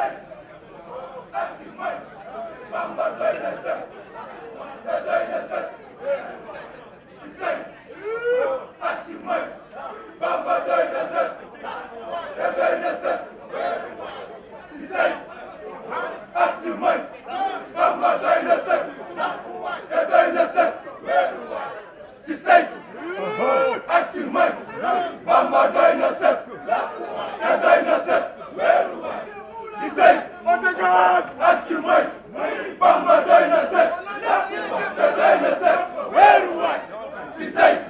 respect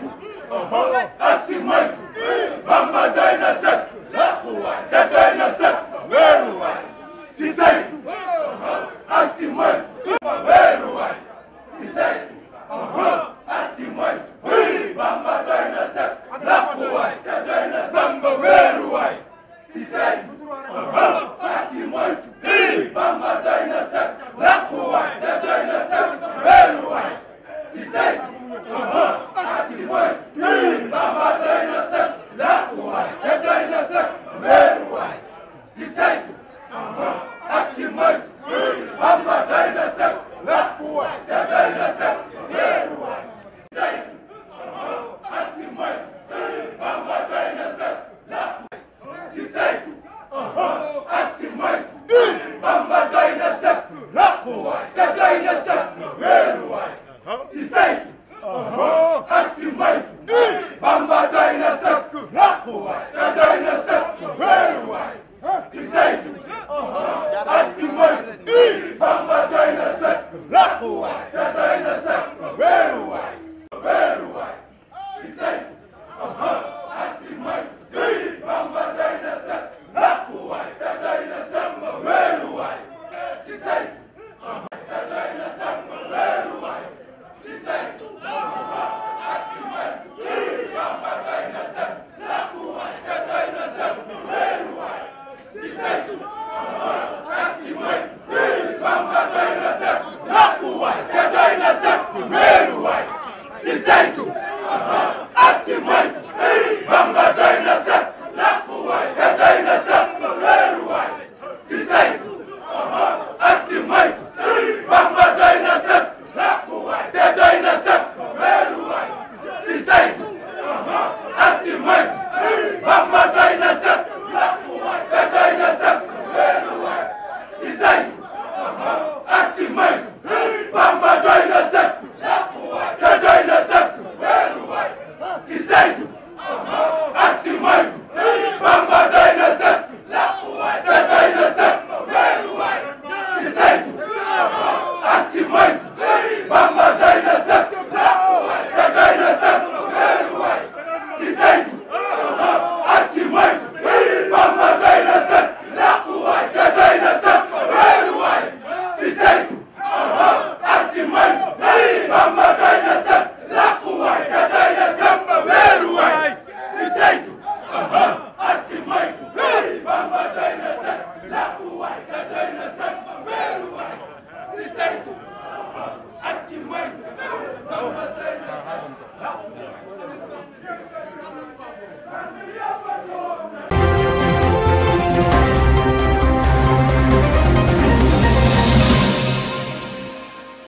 maytu ak si maytu bamba doy na set laqu waay te doy na set weeru waay si maytu weeru ak si maytu bamba doy na set laqu waay te doy na samba weeru waay ci saytu ak si maytu bamba doy na set waay sa doy na sëg weeru waay si saytu ak ci moytu